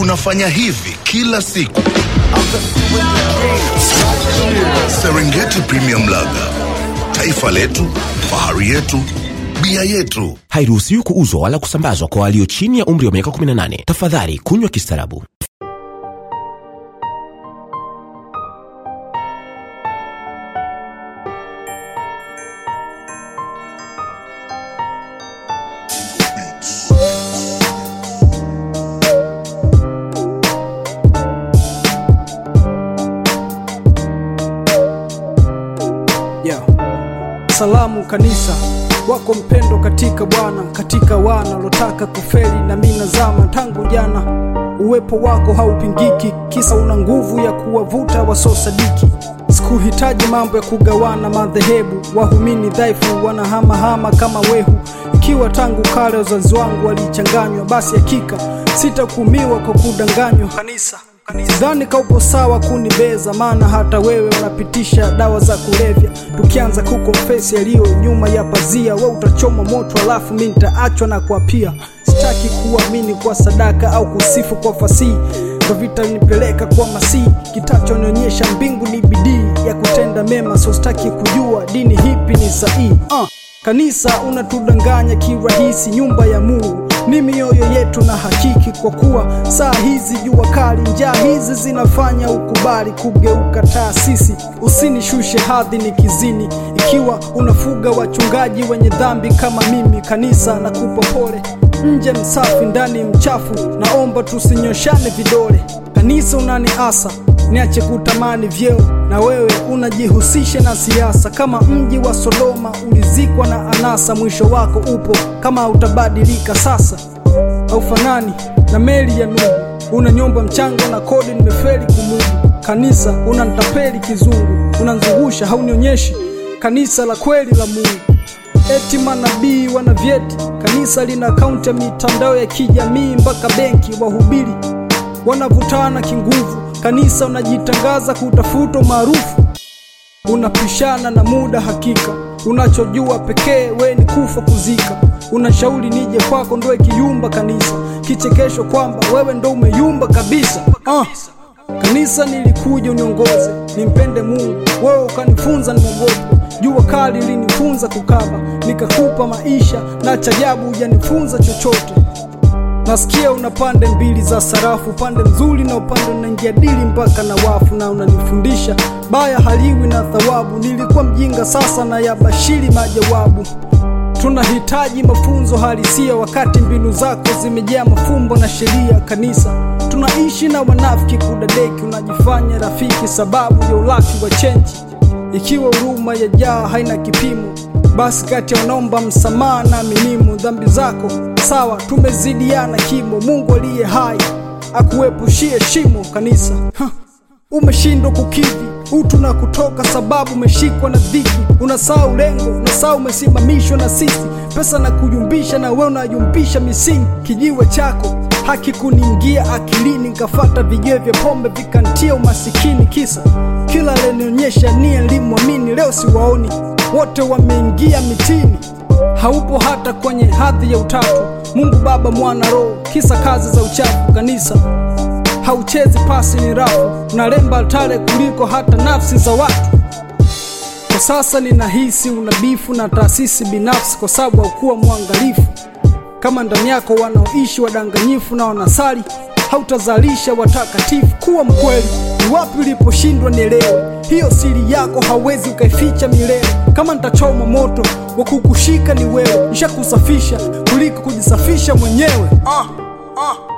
tunafanya hivi kila siku. Serengeti Premium Lager, taifa letu, fahari yetu bia yetu. Hairuhusiwi kuuzwa wala kusambazwa kwa walio chini ya umri wa miaka 18. Tafadhali kunywa kistaarabu. yeah. Salamu kanisa wako mpendo katika Bwana, katika wana walotaka kufeli na mina zama tangu jana. Uwepo wako haupingiki, kisa una nguvu ya kuwavuta wasosadiki. Sikuhitaji mambo ya kugawana madhehebu, wahumini dhaifu wanahamahama kama wehu. Ikiwa tangu kale wazazi wangu walichanganywa, basi hakika sitakumiwa kwa kudanganywa. Kanisa Sidhani kaupo sawa kunibeza, maana hata wewe unapitisha dawa za kulevya. Tukianza kukonfesi yaliyo nyuma ya pazia, we utachoma moto, alafu mi nitaachwa na kuapia. Sitaki kuamini kwa sadaka au kusifu kwa fasihi, kwa vita nipeleka kwa masihi. Kitachonionyesha mbingu ni bidii ya kutenda mema, so sitaki kujua dini hipi ni sahihi. Uh, kanisa unatudanganya kirahisi, nyumba ya Mungu ni mioyo yetu na hakiki, kwa kuwa saa hizi jua kali, njaa hizi zinafanya ukubali kugeuka taasisi. Usinishushe hadhi ni kizini, ikiwa unafuga wachungaji wenye dhambi kama mimi, kanisa na kupa pole. Nje msafi, ndani mchafu, naomba tusinyoshane vidole. Kanisa unaniasa niache kutamani vyeo, na wewe unajihusisha na siasa. Kama mji wa Sodoma ulizikwa na anasa, mwisho wako upo kama utabadilika sasa. fanani na meli ya una nyumba mchanga na kodi, nimefeli kumudu kanisa. Unanitapeli kizungu, unanzungusha haunionyeshi kanisa la kweli la Mungu. Eti manabii wana vyeti, kanisa lina akaunti ya mitandao ya kijamii mpaka benki, wahubiri wanavutana kinguvu. Kanisa unajitangaza kutafuta umaarufu, unapishana na muda. Hakika unachojua pekee we ni kufa kuzika. Unashauri nije kwako ndo ikiyumba kanisa, kichekesho kwamba wewe ndo umeyumba kabisa. Ah, kanisa nilikuja uniongoze, nimpende Mungu, wewe ukanifunza niogope Jua kali linifunza kukaba, nikakupa maisha, na chajabu ajabu hujanifunza chochote nasikia una pande mbili za sarafu, upande mzuri na upande unanjadili mpaka na wafu, na unanifundisha baya haliwi na thawabu. Nilikuwa mjinga, sasa na yabashiri majawabu. Tunahitaji mafunzo halisia, wakati mbinu zako zimejaa mafumbo na sheria kanisa. Tunaishi na wanafiki kudadeki, unajifanya rafiki sababu ya ulaki wa chenji, ikiwa huruma ya jaa haina kipimo. Basi kati ya unaomba msamaha na minimu dhambi zako, sawa tumezidiana kimo. Mungu aliye hai akuepushie shimo. Kanisa umeshindwa kukidhi utu na kutoka, sababu umeshikwa na dhiki. Unasahau lengo, unasahau umesimamishwa na sisi. Pesa na kujumbisha, na wewe unajumbisha misingi. Kijiwe chako hakikuniingia akilini, nikafata vijee vya pombe vikantia umasikini. Kisa kila lenionyesha niye limwamini, leo siwaoni wote wameingia mitini, haupo hata kwenye hadhi ya utatu. Mungu Baba, Mwana, Roho, kisa kazi za uchafu. Kanisa hauchezi pasi, ni rafu na lemba tale kuliko hata nafsi za watu. Kwa sasa ninahisi unabifu na taasisi binafsi, kwa sababu haukuwa mwangalifu. Kama ndani yako wanaoishi wadanganyifu na wanasali, hautazalisha watakatifu. Kuwa mkweli ni wapi uliposhindwa nielewe, hiyo siri yako hawezi ukaificha milele. Kama nitachoma moto wa kukushika ni wewe, nishakusafisha kuliko kujisafisha mwenyewe. ah, ah.